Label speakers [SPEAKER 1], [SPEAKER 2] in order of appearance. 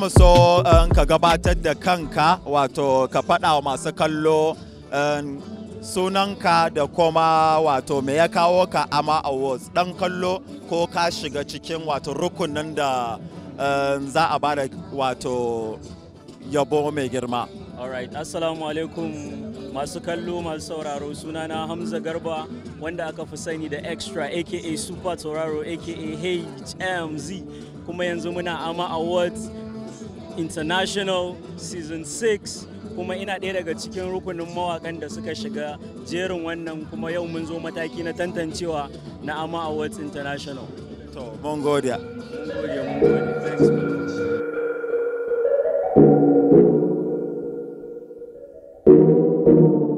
[SPEAKER 1] mu so eh, ka gabatar da kanka wato ka faɗa wa masu kallo eh, sunanka da kuma wato me ya kawo ka ama awards ɗan kallo ko ka shiga cikin wato rukunin da eh, za a bada wato yabo mai girma
[SPEAKER 2] alright assalamu alaikum masu kallo masu sauraro sunana hamza garba wanda aka fi sani da extra aka super tauraro aka hmz kuma yanzu muna ama awards international season 6 kuma ina ɗaya daga cikin rukunin mawakan da suka shiga jerin wannan kuma yau mun zo mataki na tantancewa na ama awards international to mun gode you.